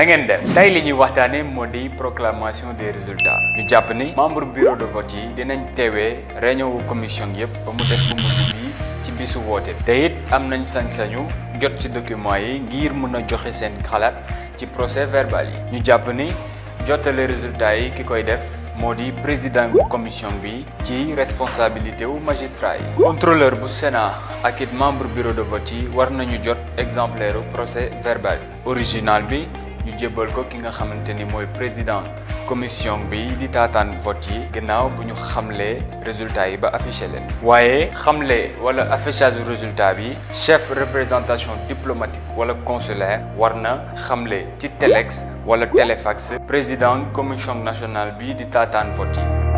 na ngeen def tey li ñuy waxtaanee moo di proclamation des résultats ñu jàpp ni membre bureau de vote yi dinañ teewee réunion wu commission yëpp ba mu def bu mujj bii ci bisu woote te it am nañ sañ-sañu jot ci document yi ngir mën a joxe seen xalaat ci procès verbal yi ñu jàpp ni jotale résultats yi ki koy def moo di président commission bi ci responsabilité wu magistrat yi contrôleur bu Sénat ak it membre bureau de vote yi war nañu jot exemplaire procès verbal original bi ñu jébbal ko ki nga xamante ni mooy président commission bi di taataan vote yi gannaaw bu ñu xamlee résultat yi ba affiché leen. waaye xamle wala affichage résultat bi chef représentation diplomatique wala consulaire war na xamle ci telex wala téléfax président commission nationale bi di taataan vote yi.